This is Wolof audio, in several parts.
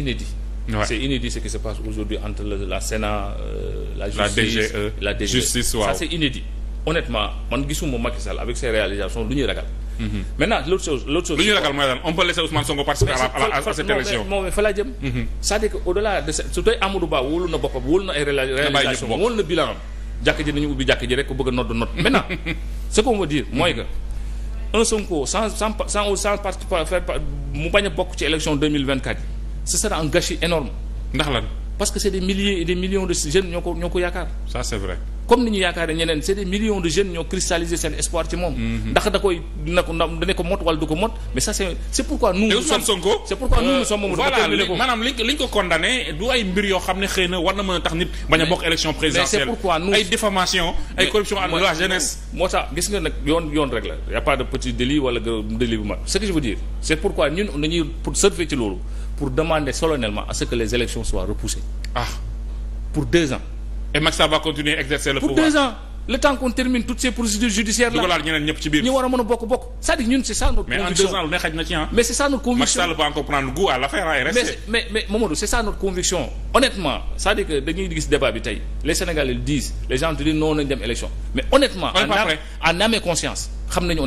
inédit. Ouais. C'est inédit ce qui se passe aujourd'hui entre la Sénat la justice la DGE la c'est inédit honnêtement man gisuma Macky avec ses réalisations lu ñuy ragal. maintenant l'autre chose l'autre chose. lu ñuy ragal mooy lan on peut laisser jëm. cest dire que au-delà de su tey Amadou Ba wóolu na boppam wóolu na ay. réalisation wóolu na bilan jàkk ji nañu ubbi jàkk ji rek ku bëgg a nodd nodd. maintenant ce qu'on veut dire mooy que un Sonko sans sans sans a ce sera un gâchis énorme ndax lan parce que c'est des milliers des millions de jeunes ñoo ko ñoo ko yaakaar comme ni ñu yaakaaree ñeneen c'est des millions de jeunes ñoo cristalliser seen espoir ci moom mhm. ndax da koy dina ko mot wala du ko mot mais c'est c'est pourquoi nous Ousmane Sonko c'est pourquoi nous nous moom euh, voilà maanaam ko condamné du ay mbir yoo xam ne xëy na war na mën a tax nit bañ a bokk élection présidentielle mais c'est pourquoi nous ay diffamation yoon yoon loolu pour demander solennellement à ce que les élections soient repoussées. ah pour deux ans. et Macky Sall continuer exercer le pour pour deux ans le temps qu'on termine toutes ces procédures judiciaires là. dugalal war a mën bokk bokk. c'est-à-dire ñun c'est ça notre. conviction lu ne xaj na ci ah. mais c'est ça notre conviction Macky ça dire que dañuy gis débat bi tey les Sénégalais le disent les gens te disent non nañ dem élection mais honnêtement. xam nañu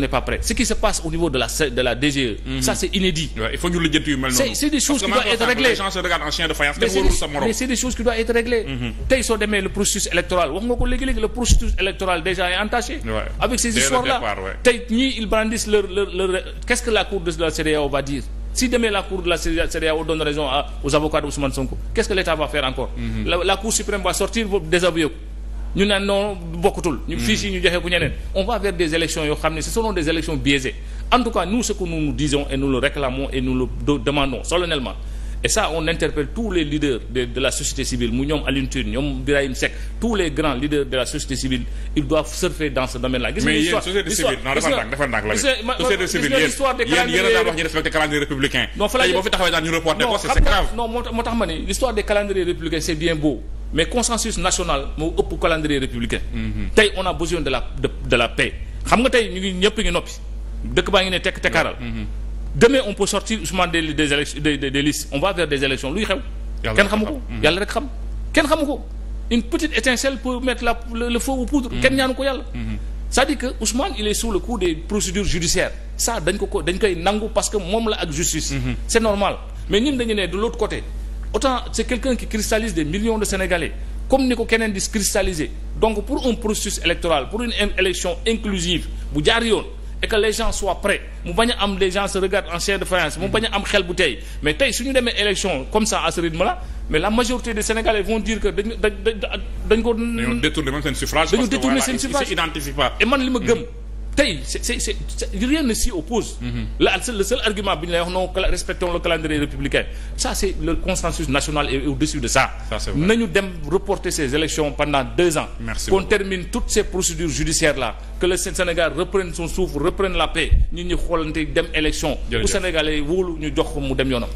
qui se passe au niveau de la DGE. E. Mhm. ça c'est inédit. c'est des choses qui doivent être réglées mhm. tey soo demee le processus électoral déjà est entaché. avec ces histoires là tey ñii ils brandissent leur leur qu'est-ce que la cour de la CEDEAO va dire. si demain la cour de la CEDEAO donne raison aux avocats d'Ousmane mhm. suprême va sortir boobu ñu naan non bokkutul. ñu hmm. fiches ñu joxe ku ñeneen. on va vers des élections yoo xam ne ce seront des élections biaisées en tout cas nous ce que nous nous disons et nous le réclamons et nous le demandons solennellement et ça on interpelle tous les leaders de la société civile mu ñoom Alioune ñoom Birahim Seck tous les grands leaders de la société civile ils doivent surfer dans ce domaine là. mais yéen société civile l'histoire des calendriers républicains c'est bien mais consensus national moo ëpp calendrier républicain. tey on a besoin de la de la paix. xam nga tey ñu ngi ñëpp ngi noppi dëkk baa ngi ne tekk tekkaaral. demain on peut sortir Ousmane des des élections des des listes on va vers des élections luy xew. kenn xamu ko mm-hmm. yàlla rek xam kenn xamu ko une petite étincelle peut mettre la le, le feu mm-hmm. kenn ñaanu ko yàlla. Mm-hmm. cest dire que Ousmane il est sous le coup des procédures judiciaires ça dañ ko ko dañ koy nangu moom la mais ñun dañu autant c'est quelqu'un qui cristallise des millions de Sénégalais comme ni ko di cristalliser donc pour un processus électoral pour une élection inclusive bu jaar yoon et que les gens soient prêts mu bañ a am les gens se regardent en chair de faïence mu bañ am xel bu tey mais tey su ñu demee élection comme ça à ce rythme là mais la majorité des Sénégalais vont dire que dañu dañ dañ ko. dañoo détourné même suffrage. et man li ma gëm. Mm-hmm. tey c'est c'est c'est rien ne s'y oppose mm-hmm. la le seul argument bi ñu lay wax non respectons le calendrier républicain ça c'est le consensus national est au-dessus de ça nañu dem reporter ces élections pendant deux ans qu'on termine toutes ces procédures judiciaires là que le Sénégal reprenne son souffle reprenne la paix ñi ñu xoolante dem élection bu Sénégalais wóolu ñu jox mu dem yoonam